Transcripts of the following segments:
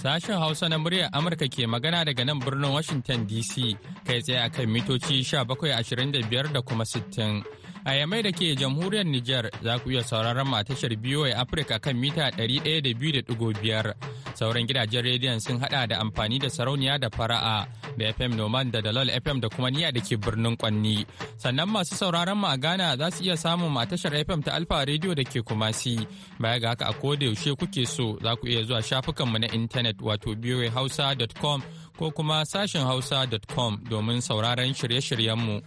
Sashen Hausa na muryar Amurka ke magana daga nan birnin Washington DC kai tsaye akan mitoci 1725 da kuma 60. A yamai da ke jamhuriyar Nijar za ku iya sauraron matashar BOA Afirka kan mita ɗari ɗaya da da biyu biyar Sauran gidajen rediyon sun haɗa da amfani da sarauniya da fara'a da FM Noman da Dalol FM da kuma niya da ke birnin Kwanni. Sannan masu sauraron mu a Ghana za su iya samun matashar FM ta Alfa Radio da ke Kumasi. Baya ga haka a koda yaushe kuke so za ku iya zuwa shafukanmu na intanet wato boahausa.com ko kuma sashen hausa.com domin sauraron shirye-shiryenmu.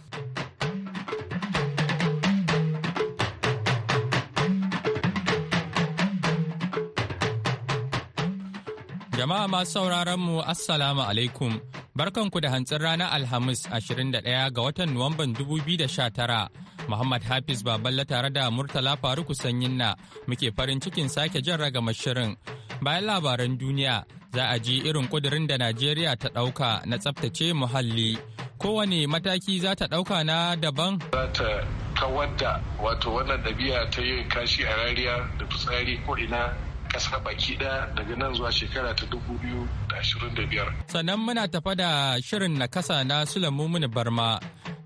Jama'a masu sauraron mu Assalamu alaikum. Barkanku da hantsin ranar Alhamis 21 ga watan Nuwamban 2019. Muhammad Hafiz Baballa tare da Murtala Faruku Sanyinna muke farin cikin sake jan ragamar shirin. Bayan labaran duniya za a ji irin kudirin da Najeriya ta ɗauka na tsaftace muhalli. Kowane mataki za ta ɗauka na daban? Za ta kawar da wato wannan ɗabi'a ta yin kashi a rariya da fitsari ko ina kasa baki ɗaya daga nan zuwa shekara ta dubu biyu da ashirin da biyar. Sannan muna tafa da shirin na kasa na Sulaimun Barma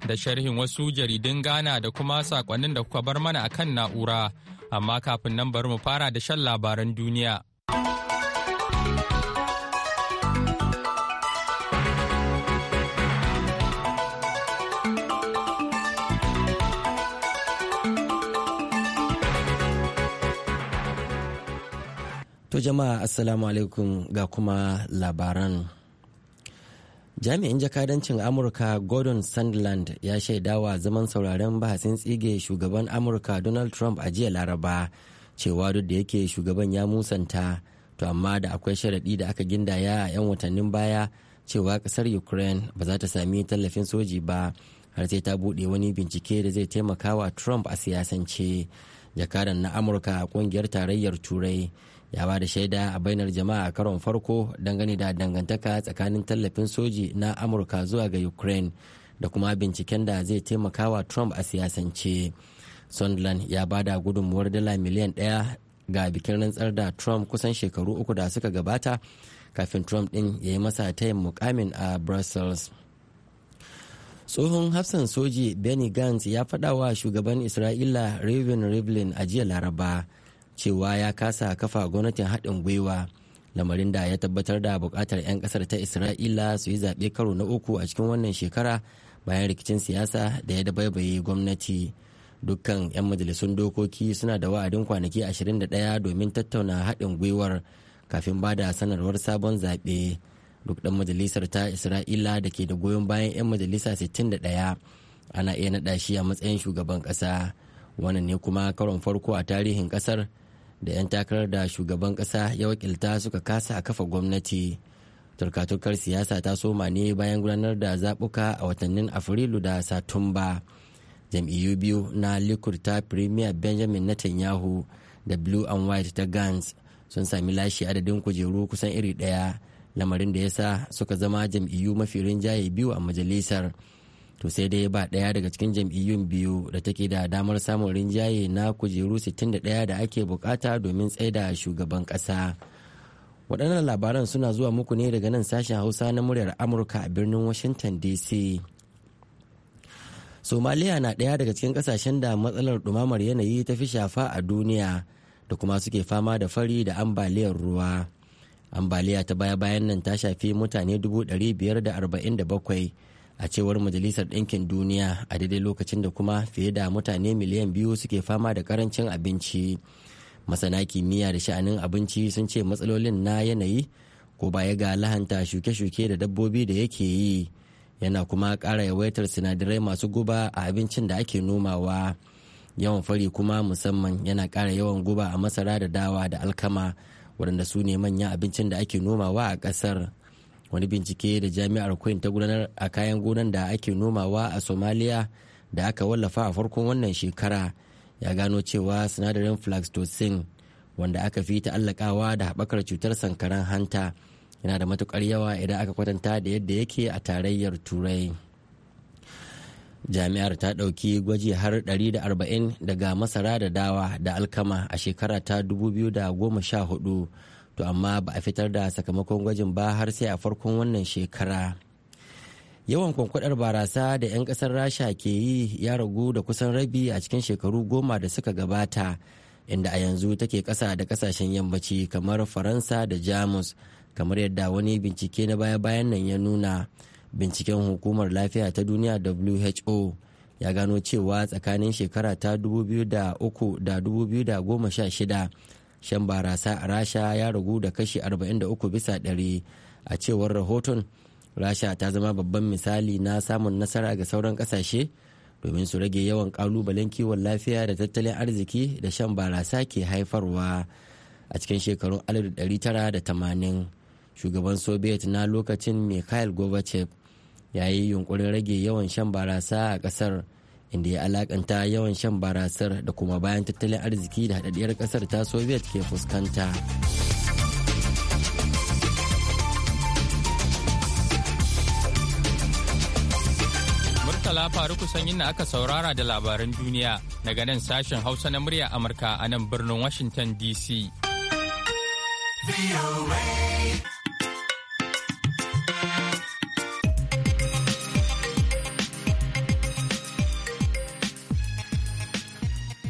da sharhin wasu jaridun Ghana da kuma sakonnin da kuka bar mana akan na'ura. Amma kafin nan bari mu fara da shan labaran duniya. To jama'a assalamu alaikum ga kuma labaran. Jami'in jakadancin Amurka Gordon Sandland ya shaidawa zaman sauraren bahasin tsige shugaban Amurka Donald Trump a jiya Laraba cewa duk da yake shugaban ya musanta to amma da akwai sharaɗi da aka gindaya a 'yan watannin baya cewa ƙasar Ukraine ba za ta sami tallafin soji ba har sai ta buɗe wani bincike da zai taimaka wa Trump a siyasance. Jakadan na Amurka a ƙungiyar tarayyar Turai ya ba da shaida a bainar jama'a a karon farko dangane da dangantaka tsakanin tallafin soji na amurka zuwa ga ukraine da kuma binciken da zai taimaka wa trump a siyasance sunderland ya ba da gudunmuwar dala miliyan ɗaya ga bikin rantsar da trump kusan shekaru uku da suka gabata kafin trump din ya yi masa tayin mukamin a brussels tsohon hafsan soji benny gantz ya faɗa wa shugaban isra'ila reuven rivlin a jiya laraba cewa ya kasa kafa gwamnatin haɗin gwiwa lamarin da ya tabbatar da buƙatar 'yan ƙasar ta isra'ila su yi zaɓe karo na uku a cikin wannan shekara bayan rikicin siyasa da ya dabaibaye gwamnati dukkan 'yan majalisun dokoki suna da wa'adin kwanaki 21 domin tattauna haɗin gwiwar kafin ba da sanarwar sabon zaɓe duk ɗan majalisar ta isra'ila da ke da goyon bayan 'yan majalisa 61 ana iya naɗa shi a matsayin shugaban ƙasa wannan ne kuma karon farko a tarihin ƙasar da 'yan takarar da shugaban kasa ya wakilta suka kasa a kafa gwamnati turkatukar siyasa ta soma ne bayan gudanar da zaɓuka a watannin afrilu da satumba jam'iyyu biyu na likud ta premier benjamin netanyahu da blue and white ta gans sun sami lashe adadin kujeru kusan iri ɗaya lamarin da ya sa suka zama jam'iyyu mafi rinjaye biyu a majalisar to sai dai ba ɗaya daga cikin jam'iyyun biyu da take da damar samun rinjaye na kujeru 61 da ake bukata domin tsaida shugaban ƙasa waɗannan labaran suna zuwa muku ne daga nan sashen hausa na muryar amurka a birnin washington dc somaliya na ɗaya daga cikin ƙasashen da matsalar ɗumamar yanayi ta fi shafa a duniya da kuma suke fama da fari da ambaliyar ruwa ambaliya ta baya-bayan nan ta shafi mutane 547 a cewar majalisar ɗinkin duniya a daidai lokacin da kuma fiye da mutane miliyan biyu suke fama da karancin abinci masana kimiyya da sha'anin abinci sun ce matsalolin na yanayi ko baya ga lahanta shuke-shuke da dabbobi da yake yi yana kuma ƙara yawaitar sinadarai masu guba a abincin da ake nomawa yawan fari kuma musamman yana ƙara yawan guba a masara da dawa da alkama waɗanda su ne manyan abincin da ake nomawa a ƙasar. wani bincike da jami'ar queen ta gudanar a kayan gonan da ake nomawa a somaliya da aka wallafa a farkon wannan shekara ya gano cewa sinadarin flaxtocin wanda aka fi ta ta'allakawa da haɓakar cutar sankaran hanta yana da matukar yawa idan aka kwatanta da yadda yake a tarayyar turai jami'ar ta ɗauki gwaji har 140 daga masara da dawa da alkama a shekara ta 2014 to amma ba a fitar da sakamakon gwajin ba har sai a farkon wannan shekara yawan kwankwadar barasa da 'yan kasar rasha ke yi ya ragu da kusan rabi a cikin shekaru goma da suka gabata inda a yanzu take kasa da kasashen yammaci kamar faransa da jamus kamar yadda wani bincike na baya-bayan nan ya nuna binciken hukumar lafiya ta duniya who ya gano cewa tsakanin shekara ta 2003 da 2016 shan barasa a rasha ya ragu da kashi 43 bisa ɗari a cewar rahoton rasha ta zama babban misali na samun nasara ga sauran kasashe domin su rage yawan kalubalen kiwon lafiya da tattalin arziki da shan barasa ke haifarwa a cikin shekarun 1980 shugaban soviet na lokacin mikhail gorbachev ya yi yunkurin rage yawan shan barasa a kasar inda ya alakanta yawan shan barasar da kuma bayan tattalin arziki da haɗaɗɗiyar ƙasar ta soviet ke fuskanta murtala faru kusan yin aka saurara da labaran duniya daga nan sashen hausa na murya amurka a nan birnin washington dc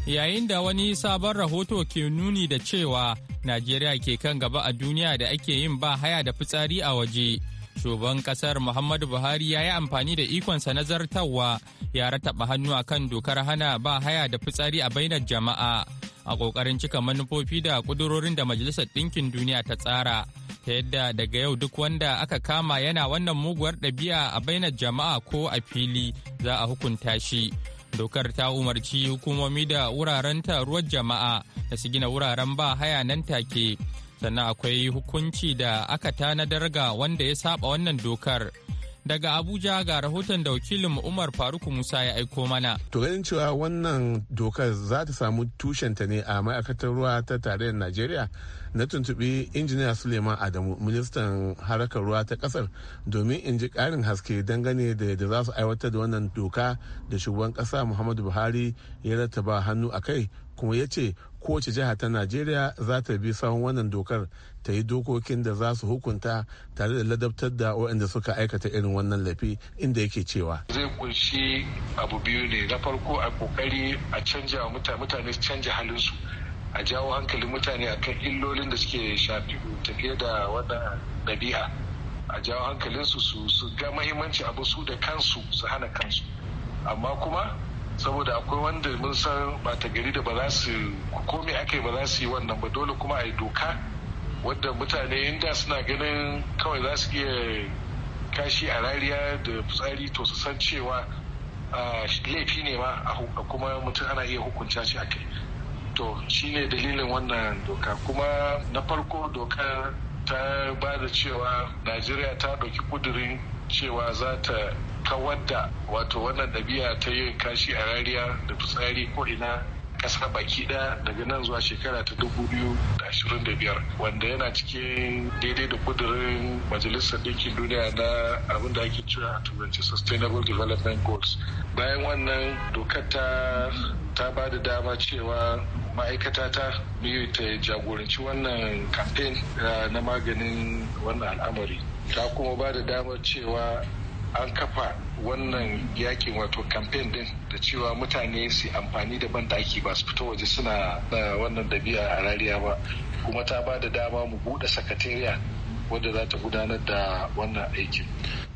yayin da wani sabon rahoto ke nuni da cewa najeriya ke kan gaba a duniya da ake yin ba haya da fitsari a waje shugaban kasar muhammadu buhari ya yi amfani da ikonsa na zartarwa ya rataba hannu a kan dokar hana ba haya da fitsari a bainar jama'a a kokarin cika manufofi da kudurorin da majalisar ɗinkin duniya ta tsara ta yadda daga yau duk wanda aka kama yana wannan muguwar ɗabi'a a bainar jama'a ko a fili za a hukunta shi dokar ta umarci hukumomi da wuraren taruwar jama'a da su gina wuraren ba haya nan take sannan akwai hukunci da aka tanadar ga wanda ya saba wannan dokar daga abuja ga rahoton da wakilin umar faruk musa ya aiko mana to ganin cewa wannan dokar za ta samu tushenta ne a ma'aikatar ruwa ta tarayyar najeriya na tuntubi injiniya suleiman adamu ministan harkar ruwa ta kasar domin in ji karin haske dangane da yadda za su aiwatar da wannan doka da shugaban kasa muhammadu buhari ya rattaba hannu a kai kuma ya ce kowace jiha ta najeriya za ta bi sahun wannan dokar ta yi dokokin da za su hukunta tare da ladabtar da waɗanda suka aikata irin wannan lafi inda yake cewa zai kunshi abu biyu ne na farko a kokari a canja mutane canja halinsu a jawo hankalin mutane akan illolin da suke shafi tafiye da wata ɗabi'a a jawo hankalinsu su su ga mahimmanci abu su da kansu su hana kansu amma kuma saboda akwai wanda mun san bata gari da ba za su komai aka yi ba za su yi wannan ba dole kuma a yi doka wadda mutane inda suna ganin kawai za su iya kashi a rariya da fitsari to su san cewa ah, laifi ne ma a kuma mutum ana iya hukunta shi a kai to shine dalilin wannan doka kuma na farko doka ta ba da cewa najeriya ta ɗauki kudurin cewa za ta kawar da wato wannan ɗabi'a ta yin kashi a rariya da fitsari ko ina ƙasa baki ɗaya daga nan zuwa shekara ta da biyar wanda yana cikin daidai da kudurin majalisar ɗinkin duniya na abin da ake cewa a turanci sustainable development goals bayan wannan dokar ta ta ba da dama cewa ma'aikata ta biyu ta jagoranci wannan kamfen eh, na maganin wannan al'amari ta kuma ba da damar cewa an kafa wannan yakin wato kamfen din da cewa mutane su amfani da bandaki ba su fito waje suna eh, wannan dabi'a a rariya ba kuma ta ba da dama mu buɗe sakatariya wadda za ta gudanar da wannan aikin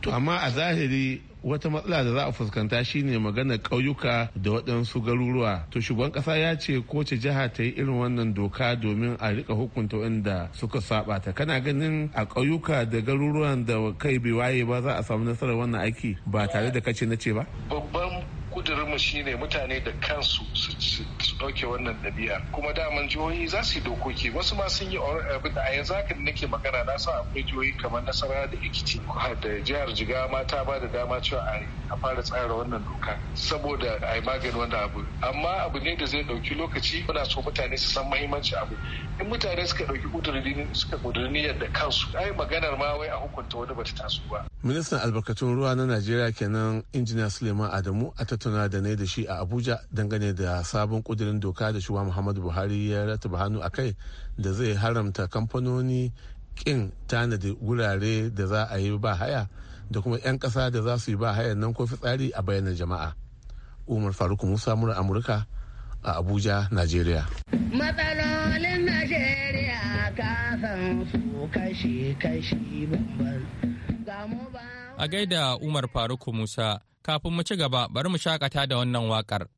to amma a zahiri wata matsala da za a fuskanta shine magana ƙauyuka da waɗansu garuruwa to shugaban ƙasa ya ce kowace jiha ta yi irin wannan doka domin a rika hukunta wanda suka saba ta kana ganin a ƙauyuka da garuruwan da kai bai waye ba za a samu nasarar wannan aiki ba tare da kace na ce ba shine mutane da kansu su dauke wannan ɗabi'a kuma daman jihohi za su yi dokoki wasu ma sun yi abin da a yanzu haka da nake magana na san akwai jihohi kamar nasara da ikiti da jihar jiga ma ta ba da dama cewa a fara tsara wannan doka saboda a yi magani wannan abu amma abu ne da zai ɗauki lokaci muna so mutane su san mahimmanci abu in mutane suka ɗauki ƙudurin suka ƙudurin niyyar da kansu ai maganar ma wai a hukunta wani bata taso ba. ministan albarkatun ruwa na najeriya kenan injiniya suleiman adamu a tattauna da na bayanai da shi a abuja dangane da sabon kudirin doka da shuwa muhammadu buhari ya rataba hannu a kai da zai haramta kamfanoni kin tanadi wurare da za a yi ba haya da kuma 'yan ƙasa da za su yi ba hayan nan ko fitsari a bayanan jama'a umar faruk musa mura amurka a abuja nigeria matsalolin nigeria kasan su kashi-kashi bambam a gaida umar faruk musa Kafin mu ci gaba, bari mu shakata da wannan waƙar.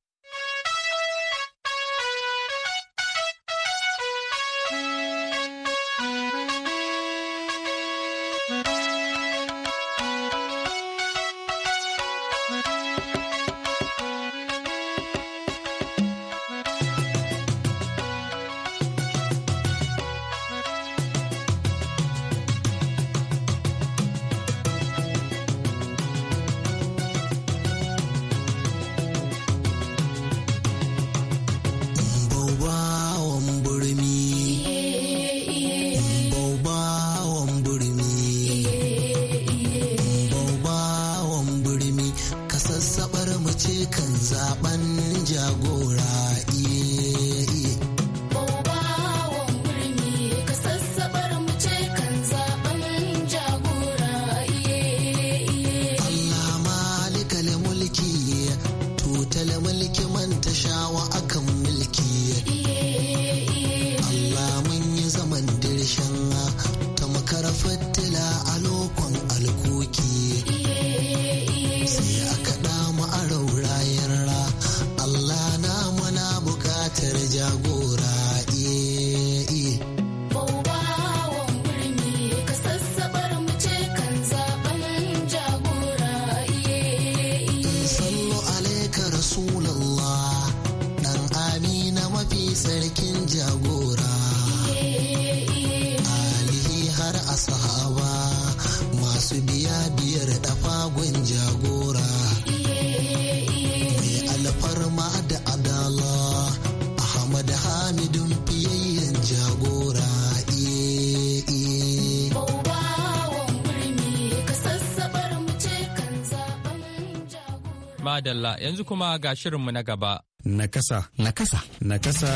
Badalla yanzu kuma ga shirinmu na gaba. Nakasa. Nakasa. Nakasa.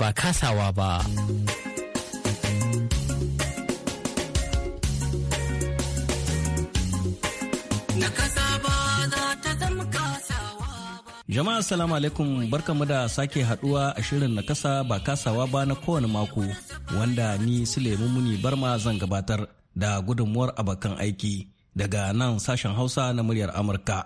Ba kasawa ba. Jama'a salamu alaikum barkamu da sake haduwa a shirin na kasa ba kasawa ba na kowane mako wanda ni Suleiman Muni Barma zan gabatar da gudunmuwar abokan aiki daga nan sashen Hausa na muryar Amurka.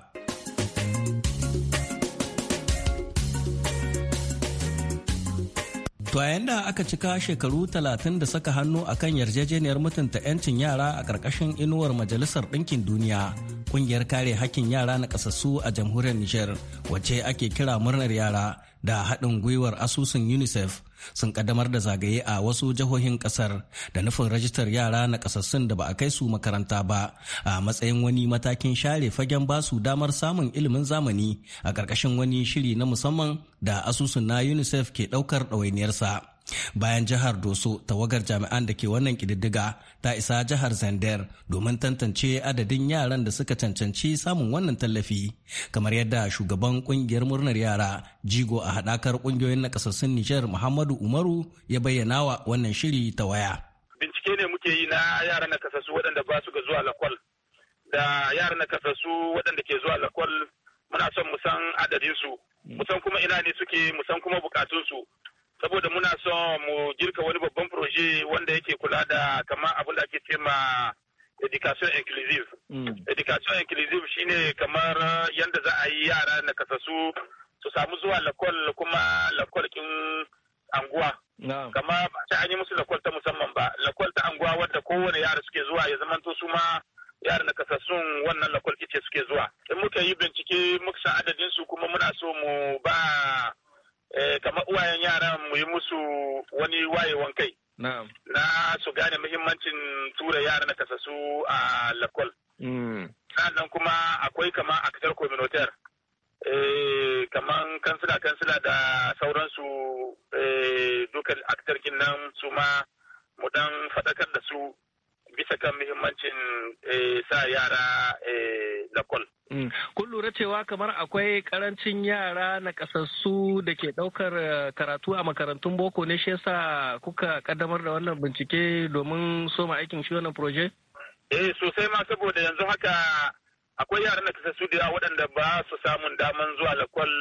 To a da aka cika shekaru talatin da saka hannu a kan yarjejeniyar mutunta 'yancin yara a ƙarƙashin inuwar Majalisar Ɗinkin Duniya, ƙungiyar kare hakkin yara na ƙasassu a jamhuriyar Nijar, wacce ake kira murnar yara da haɗin gwiwar asusun UNICEF sun kaddamar da zagaye a wasu jihohin kasar da nufin rajistar yara na kasassun da ba a kai su makaranta ba a matsayin wani matakin share fagen basu damar samun ilimin zamani a ƙarƙashin wani shiri na musamman da asusun na unicef ke ɗaukar ɗawainiyarsa. bayan jihar doso tawagar jami'an da ke wannan kididdiga ta isa jihar zander domin tantance adadin yaran da suka cancanci samun wannan tallafi kamar yadda shugaban kungiyar murnar yara jigo a hadakar kungiyoyin nakasassun nijar muhammadu umaru ya bayyana wa wannan shiri ta waya bincike ne muke yi na yaran nakasassu waɗanda ba su ga zuwa lakwal da yaran nakasassu waɗanda ke zuwa lakwal muna son mu san adadinsu mu san kuma ina ne suke mu san kuma bukatunsu saboda muna son mu girka wani babban proje wanda yake kula da kamar abin da ake ce education inclusive. Mm. Education inclusive shine kamar yadda za a yi yara na kasasu su samu zuwa lakol kuma lakol kin anguwa. Kama ba ta an yi musu lakol ta musamman ba, lakol ta anguwa wadda kowane yara suke zuwa ya zamanto su ma yara na kasasun wannan lakol kice suke zuwa. In muka yi bincike muka san adadin su kuma muna so mu ba Eh, kamar uwayen yara mu yi musu wani wayewan kai. Na su gane muhimmancin tura yara na kasasu a lakol. Mm. Sannan kuma akwai kama a kasar kominotar kaman kansila kansila da sauransu eh, dukkan aktarkin nan su ma mu dan faɗakar da su bisa kan muhimmancin eh, sa yara lakol. Mm. Kun lura cewa kamar akwai karancin yara na kasassu da ke daukar eh, karatu a makarantun boko ne shi yasa kuka kaddamar da wannan bincike domin soma aikin shi wannan proje? Eh sosai ma saboda yanzu haka akwai yara na kasassu da waɗanda ba su samun daman zuwa lakwal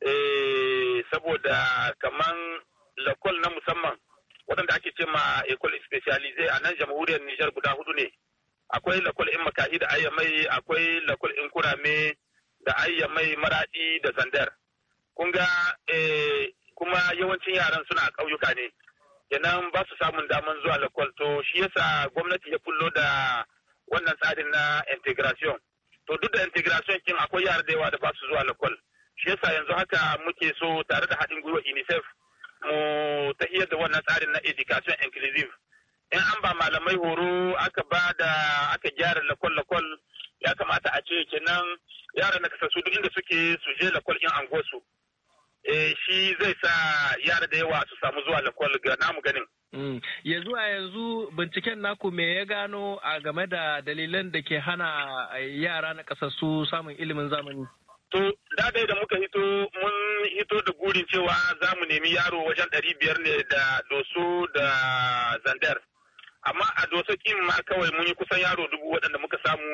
eh, saboda kamar lakwal na musamman waɗanda ake ce ma ecole specialise a nan jamhuriyar Nijar guda hudu ne. akwai lakul in makahi da ayyamai akwai lakul in kurame da ayyamai maradi da zandar kun ga eh, kuma yawancin yaran suna a ƙauyuka ne kenan ba su samun daman zuwa lakul to shi yasa gwamnati ya kullo da wannan tsarin na integration to duk da integration kin akwai yara da yawa da ba su zuwa lakul shi yasa yanzu haka muke so tare da haɗin gwiwa unicef mu tahiyar da wannan tsarin na education inclusive in an ba malamai horo aka ba da aka gyara lakwal-lakwal ya kamata a ce kenan yara na kasasu duk inda suke su je lakwal in an su eh, shi zai sa yara da yawa su samu zuwa lakwal ga namu ganin. Mm. Yanzu a yanzu binciken naku me ya gano a game da dalilan da ke hana eh, yara na kasasu samun ilimin zamani? To, da da muka hito mun hito da gurin cewa za mu nemi yaro wajen ɗari biyar ne da doso da zandar. amma a dosa kin ma kawai mun yi kusan yaro dubu waɗanda muka samu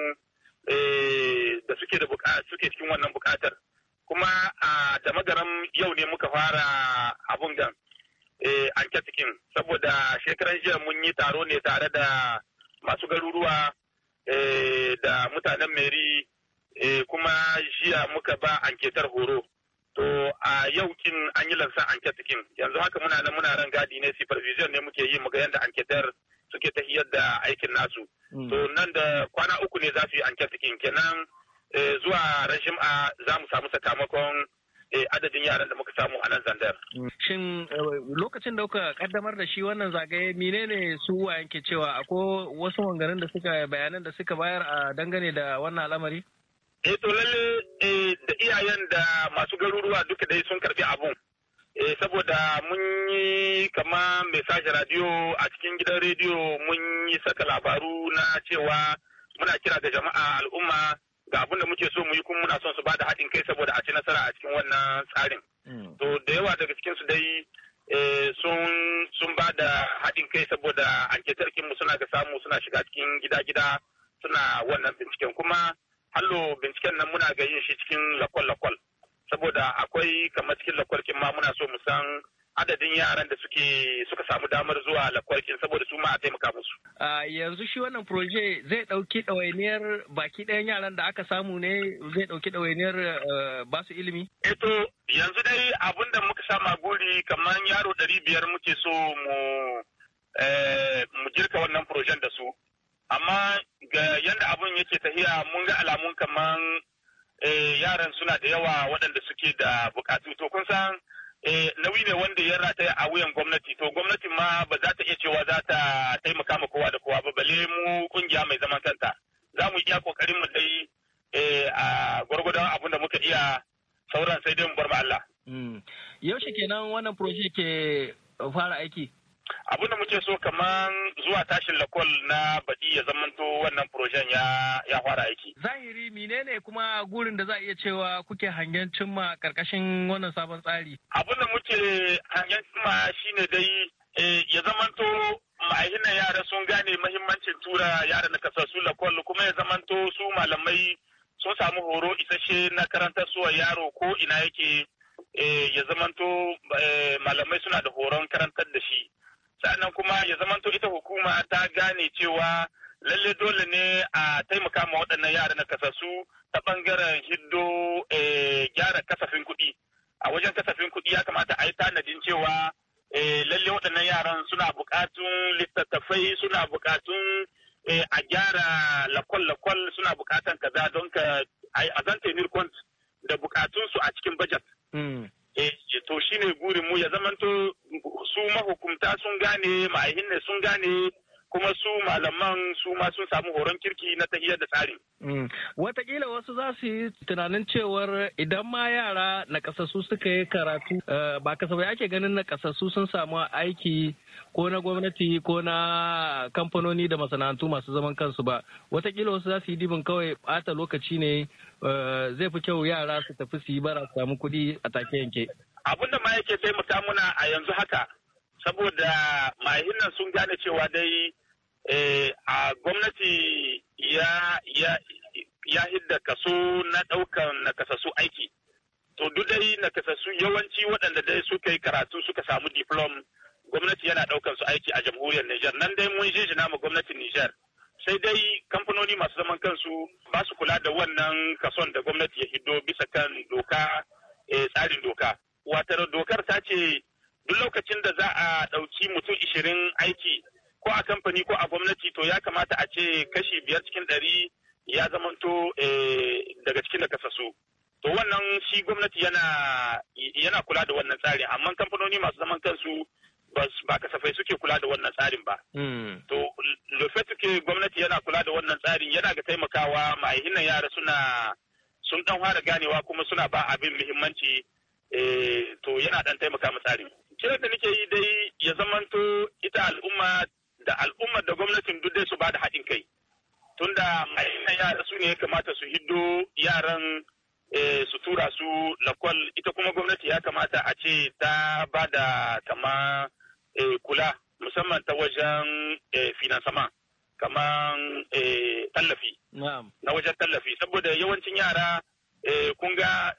eh, da suke da suke cikin wannan bukatar kuma a da magaram yau ne muka fara abun gan eh, anket kin saboda shekaran jiya mun yi taro ne tare da masu garuruwa eh, da mutanen meri kuma jiya muka ba anketar horo to a yau kin an yi lansan anket yanzu haka muna nan muna ran gadi ne supervision ne muke yi muga yadda anketar suke hiyar da aikin nasu hmm. to nan da kwana uku ne za su yi anketin kenan eh, zuwa rashin a za mu samu sakamakon eh, adadin yaran da muka samu a nan zandar. Hmm. Shin eh, lokacin da kuka kaddamar da shi wannan zagaye menene su wa yanke cewa akwai wasu wangarin da suka bayanan da suka bayar a dangane da wannan al'amari? Eh to lalle da iyayen da masu garuruwa duka dai sun karfi abun. Eh, saboda mun yi kama mai sashen radiyo a cikin gidan radio mun yi saka labaru na cewa muna kira ga jama'a al'umma ga abin da muke so mu yi kuma muna son su ba da haɗin kai saboda a ci nasara a cikin wannan tsarin. Hmm. To da yawa daga cikin su dai eh, sun ba da haɗin kai saboda anketarkin mu suna ga samu suna shiga cikin gida-gida suna wannan binciken kuma hallo binciken nan muna ga yin shi cikin lakwal-lakwal. saboda akwai kamar cikin lakwarkin ma muna so mu san adadin yaran da suke suka samu damar zuwa lakwarkin saboda su ma a taimaka musu. yanzu shi wannan proje zai ɗauki ɗawainiyar baki ɗayan yaran da aka samu ne zai ɗauki ɗawainiyar eh, basu ilimi? Eto eh yanzu dai abin da muka sama guri kamar yaro ɗari biyar muke so mu eh, mu wannan projen da su. Amma ga yanda abin yake tahiya mun ga alamun kamar Eh, yaran suna da yawa waɗanda suke da bukatu to kun san eh, nauyi ne wanda ya rataya a wuyan gwamnati to gwamnati ma ba za ta iya cewa za ta taimaka ma kowa da kowa ba bale mu kungiya mai zaman kanta za mu iya kokarin mu dai eh, a gwargwadon abin da muka iya sauran sai dai mu bar ma Allah. Hmm. Yaushe kenan wannan project ke fara aiki? abin da muke so kamar zuwa tashin lakol na baɗi ya zamanto wannan projen ya fara aiki. Zahiri menene kuma gurin da za a iya cewa kuke hangen cimma karkashin wannan sabon tsari? Abin da muke hangen cimma shine dai eh, ya zamanto ma'ahinan yara sun gane mahimmancin tura yara na kasassu lakol kuma ya zamanto su malamai sun samu horo isasshe na karantar suwa yaro ko ina yake eh, ya zamanto eh, malamai suna da horon karantar gane cewa lalle dole ne a taimaka ma waɗannan yara na kasasu ta ɓangaren hiddo eh, gyara kasafin kuɗi a wajen kasafin kuɗi ya kamata a yi tanadin cewa eh, lalle waɗannan yaran suna buƙatun littattafai suna buƙatun eh, a gyara lakwal-lakwal suna buƙatan kaza don ka a zanta da buƙatunsu a cikin bajet. Hmm. To shine burin mu ya zamanto su mahukumta sun gane ma'ahin sun gane tunanin cewar idan ma yara na kasassu suka yi karatu eh, ba kasafai ake ganin na sun samu aiki ko na gwamnati ko na kamfanoni da masana'antu masu zaman kansu ba watakila wasu za su yi dibin kawai bata lokaci ne eh, zai fi kyau yara su tafi su yi bara su samu kuɗi a take yanke abin da ma yake taimaka muna a yanzu haka saboda mahinnan sun gane cewa dai eh, a gwamnati ya ya hidda kaso na ɗaukar nakasassu aiki. To duk dai yawanci waɗanda dai suka yi karatu suka samu diplom gwamnati yana ɗaukar su aiki a jamhuriyar Nijar. Nan dai mun jinjina namu gwamnatin Nijar. Sai dai kamfanoni masu zaman kansu ba su kula da wannan kason da gwamnati ya hiddo bisa kan doka eh, tsarin doka. Watar dokar ta ce duk lokacin da za a ɗauki mutum ishirin aiki ko a kamfani ko a gwamnati to ya kamata a ce kashi biyar cikin ɗari ya zamanto eh, daga cikin da kasasu to wannan shi gwamnati yana kula da wannan tsari amma kamfanoni masu zaman kansu ba kasafai suke kula da wannan tsarin ba hmm. to lufetu ke gwamnati yana kula da wannan tsarin yana ga taimakawa ma'aikatan yara suna sun dan fara ganewa kuma suna ba abin muhimmanci eh, to yana dan taimaka mu tsarin kiran da nake yi dai ya zamanto ita al'umma da al'ummar da gwamnatin duk dai su ba da haɗin kai tunda su ne ya kamata su hiddo yaran eh, su tura su lakwal ita kuma gwamnati ya kamata a ce ta ba da kama eh, kula musamman ta wajen eh, finansama kamar tallafi na wajen tallafi saboda yawancin yara kun ga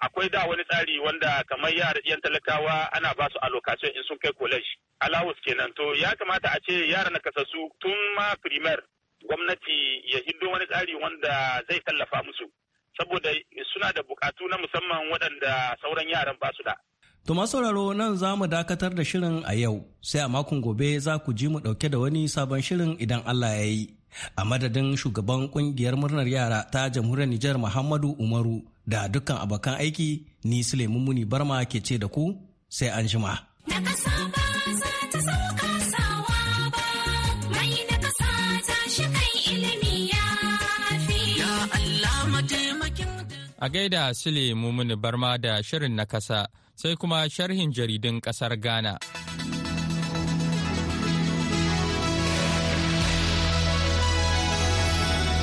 akwai da wani tsari wanda kamar yara yan talakawa ana ba su alokacin in sun kai college Alawus kenan to ya kamata a ce yara na kasasu tun ma firimar. gwamnati ya hindo wani tsari wanda zai tallafa musu saboda suna da bukatu na musamman waɗanda sauran yaran ba su da. To sauraro nan za mu dakatar da shirin a yau sai a makon gobe za ku ji mu ɗauke da wani sabon shirin idan Allah ya yi. A madadin shugaban ƙungiyar murnar yara ta jamhuriyar Nijar Muhammadu Umaru da dukkan abokan aiki ni Suleiman Muni Barma ke ce da ku sai an jima. A gaida Sule Mumuni Barma da Shirin na kasa sai kuma sharhin jaridun ƙasar Ghana.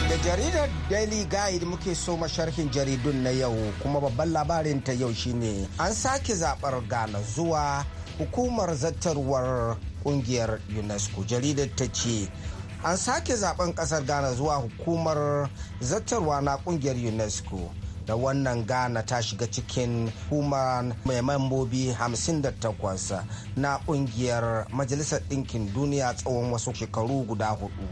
Da jaridar daily guide muke so ma sharhin jaridun na yau kuma babban labarin ta yau shine an sake zaɓar ghana zuwa hukumar zattarwar ƙungiyar unesco jaridar ta ce an sake zaben kasar ghana zuwa hukumar zattarwa na ƙungiyar unesco da wannan ghana ta shiga cikin human mai mambobi 58 na kungiyar majalisar ɗinkin duniya tsawon wasu shekaru guda hudu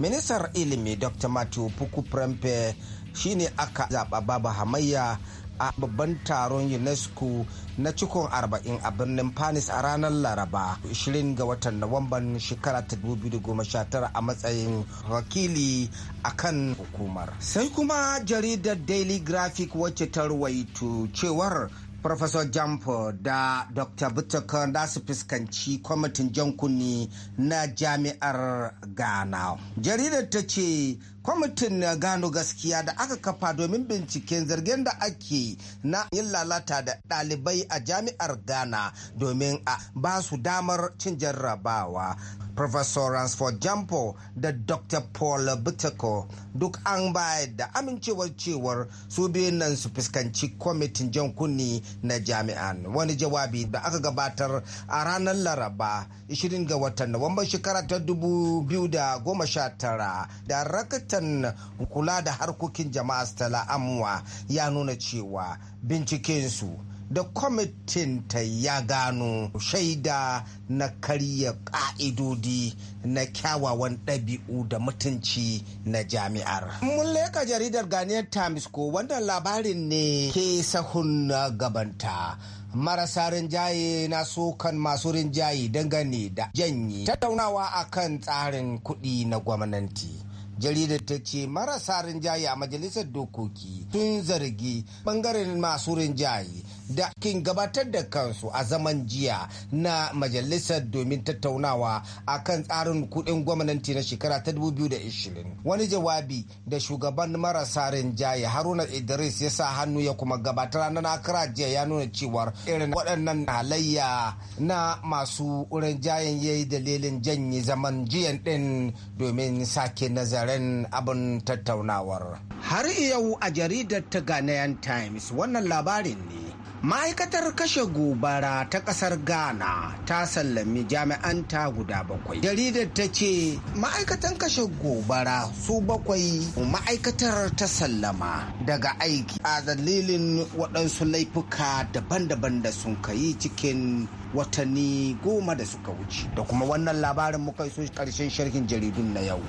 ministar ilimi dr matthew puku prempe shine aka zaba baba hamayya a babban taron unesco na cikon 40 a birnin panis a ranar laraba 20 ga watan nuwamban shekara ta 2019 a matsayin wakili a kan hukumar sai kuma jaridar daily graphic wacce ta ruwaito cewar Professor Jampo da Dr. Butaka da su fuskanci kwamitin jan kunni na jami'ar Ghana. Jaridar ta ce kwamitin gano gaskiya da aka kafa domin binciken zargin da ake na yin lalata da ɗalibai a jami'ar ghana domin a ba su damar cin jarrabawa professor ransford jampo da dr paul butiko duk an bayar da amincewar cewar su biyun nan su fuskanci kwamitin jan kunni na jami'an wani jawabi da aka gabatar a ranar laraba 20 ga watan nuwamban shekara ta 2019 da rakata ministan kula da harkokin jama'a stella amuwa ya nuna cewa bincikensu da kwamitin ta ya gano shaida na karya ka'idodi na kyawawan ɗabi'u da mutunci na jami'ar. Mun leka jaridar ganiyar Times ko wannan labarin ne ke sahun na gabanta. marasa rinjaye na sokan masu rinjaye dangane da janyi tattaunawa akan tsarin kuɗi na gwamnati. jaridar ta ce marasa rinjaye a majalisar dokoki sun zargi bangaren masu rinjaye da kin gabatar da kansu a zaman jiya na majalisar domin tattaunawa a kan tsarin kudin gwamnati na shekara ta 2020 wani jawabi da shugaban marasa rinjaye haruna idris ya sa hannu ya kuma gabatar na nakara jiya ya nuna cewar irin waɗannan halayya na masu rinjayen ya yi dalilin janye zaman jiyan ɗin domin sake nazarin abin tattaunawar har yau a jaridar ta ghanaian times wannan labarin ne ma'aikatar kashe gobara ta kasar ghana ta sallami jami'anta guda bakwai jaridar ta ce ma'aikatan kashe gobara su bakwai ma'aikatar ta sallama daga aiki a dalilin waɗansu laifuka daban-daban da sun yi cikin watanni goma da suka wuce da kuma wannan labarin muka so karshen sharhin jaridun na yau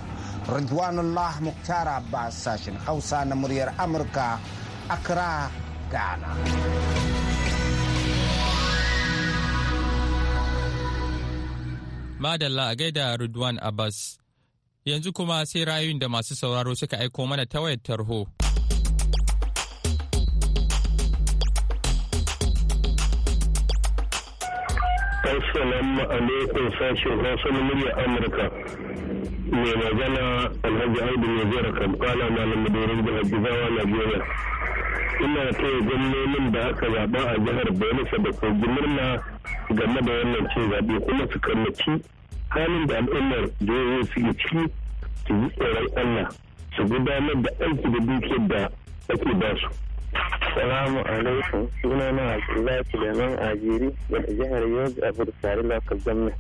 Ridwanullah Muktar Abbas sashen Hausa na muryar Amurka, Accra, Ghana. Madalla a gaida Ridwan Abbas. Yanzu kuma sai rayuwar da masu sauraro suka aiko mana ta wayar tarho. Assalamu alaikum sashen Hausa na murya Amurka. Mai magana Alhaji Audu mai jihar Kampala na lamadorin jihar Gizawa Najeriya. Ina taya gwamnonin da aka zaɓa a jihar Bayelsa da kogin murna game da wannan cin zaɓe kuma su kammaci halin da al'ummar su suke ciki su yi tsoron Allah su gudanar da aiki da dukiyar da ake ba su. Salamu alaikum suna na Abdullahi nan Ajiri daga jihar Yobe a Bursari Local Government.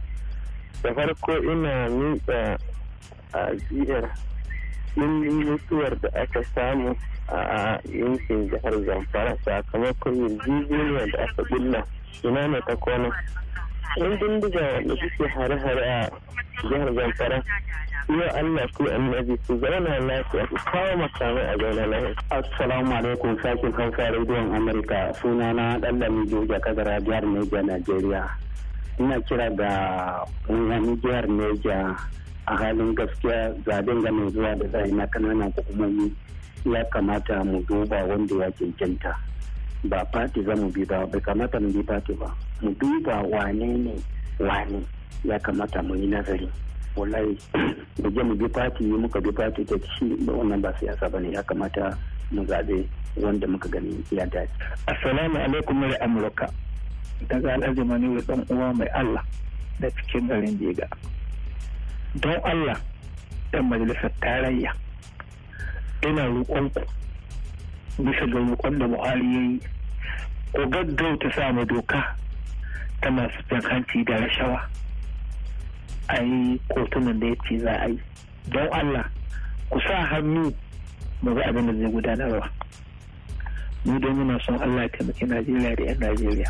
Da farko ina miƙa ajiyar ɗin mutuwar da aka samu a yankin jihar Zamfara sakamakon yarjejeniyar da aka bulla ina ne ta kwana yan dindiga da suke hare-hare a jihar zamfara yau allah ku annabi su zauna lafiya su kawo makamai a zauna lafiya assalamu alaikum sakin hausa rediyon amurka sunana dan lamijo kadara jihar neja nigeria ina kira da wani jihar neja a halin gaskiya zaben ga zuwa da zai na kananan hukumomi ya kamata mu duba wanda ya cancanta ba fati za mu bi ba bai kamata mu bi fati ba mu duba wane ne wane ya kamata mu yi nazari wallahi mu je mu bi fati muka bi fati ta shi wannan ba siyasa bane ya kamata mu zabe wanda muka gani ya dace assalamu alaikum mai amurka daga alhaji mani dan uwa mai Allah da cikin garin Jega don Allah dan majalisar tarayya ina roƙonku bisa ga roƙon da buhari ya yi ko gaggauta sama doka ta masu jan hanci da rashawa a yi kotunan da ya ce za a yi don allah ku sa hannu ba ga abin da zai gudanarwa mu don muna son allah ta taimaki najeriya da 'yan najeriya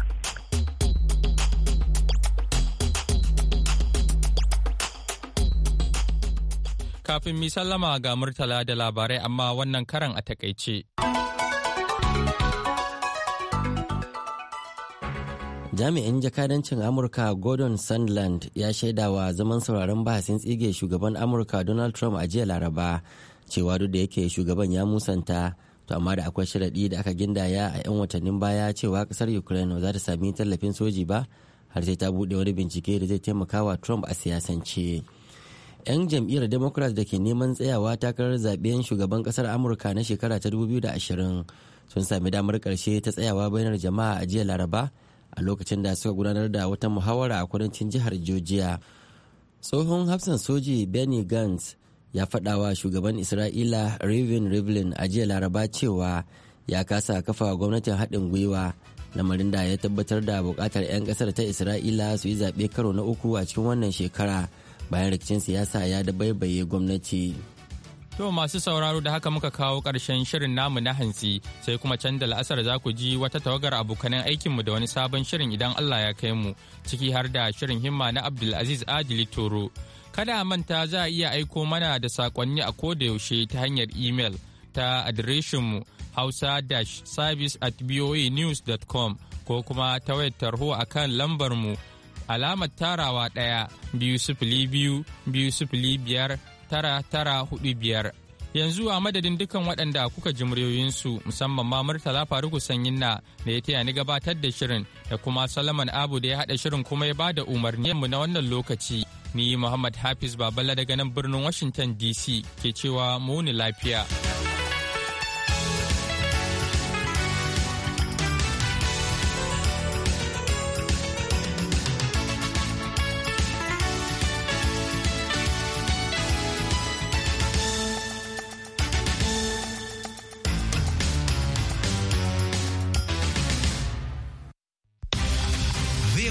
kafin mi sallama ga murtala da labarai amma wannan karan a takaice. jami'in jakadancin amurka gordon sandland ya shaida wa zaman sauraron bahasin tsige shugaban amurka donald trump a jiya laraba cewa duk da yake shugaban ya musanta to amma da akwai sharaɗi da aka gindaya a 'yan watannin baya cewa kasar ukraine za ta sami tallafin soji ba har sai ta buɗe wani bincike da zai taimaka wa trump a siyasance 'yan jam'iyyar democrat da ke neman tsayawa takarar zaben shugaban kasar amurka na shekara ta 2020 sun sami damar ƙarshe ta tsayawa bayanar jama'a a jiya laraba a lokacin da suka gudanar da wata muhawara a kudancin jihar georgia tsohon hafsan soji benny gantz ya faɗawa shugaban isra'ila rivin rivlin a jiya laraba cewa ya kasa kafa gwamnatin haɗin gwiwa lamarin da ya tabbatar da buƙatar 'yan ƙasar ta isra'ila su yi zaɓe karo na uku a cikin wannan shekara bayan rikicin siyasa ya dabaibaye gwamnati. To masu sauraro da haka muka kawo ƙarshen shirin namu na hantsi sai kuma can da la'asar za ku ji wata tawagar abokanan aikinmu da wani sabon shirin idan Allah ya kai mu ciki har da shirin himma na Abdulaziz Adili Toro. Kada manta za a iya aiko mana da saƙonni a ko da yaushe ta hanyar imel ta adireshinmu hausa-service at ko kuma ta wayar tarho a kan lambarmu alamar tarawa ɗaya biyu sifili biyu biyu sifili biyar tara tara huɗu biyar. Yanzu a madadin dukkan waɗanda kuka ji muryoyinsu musamman ma Murtala Faruku sanyin na da ya taya ni gabatar da shirin da kuma Salaman Abu da ya haɗa shirin kuma ya ba da umarni mu na wannan lokaci. Ni Muhammad Hafiz babala daga nan birnin Washington DC ke cewa muni lafiya.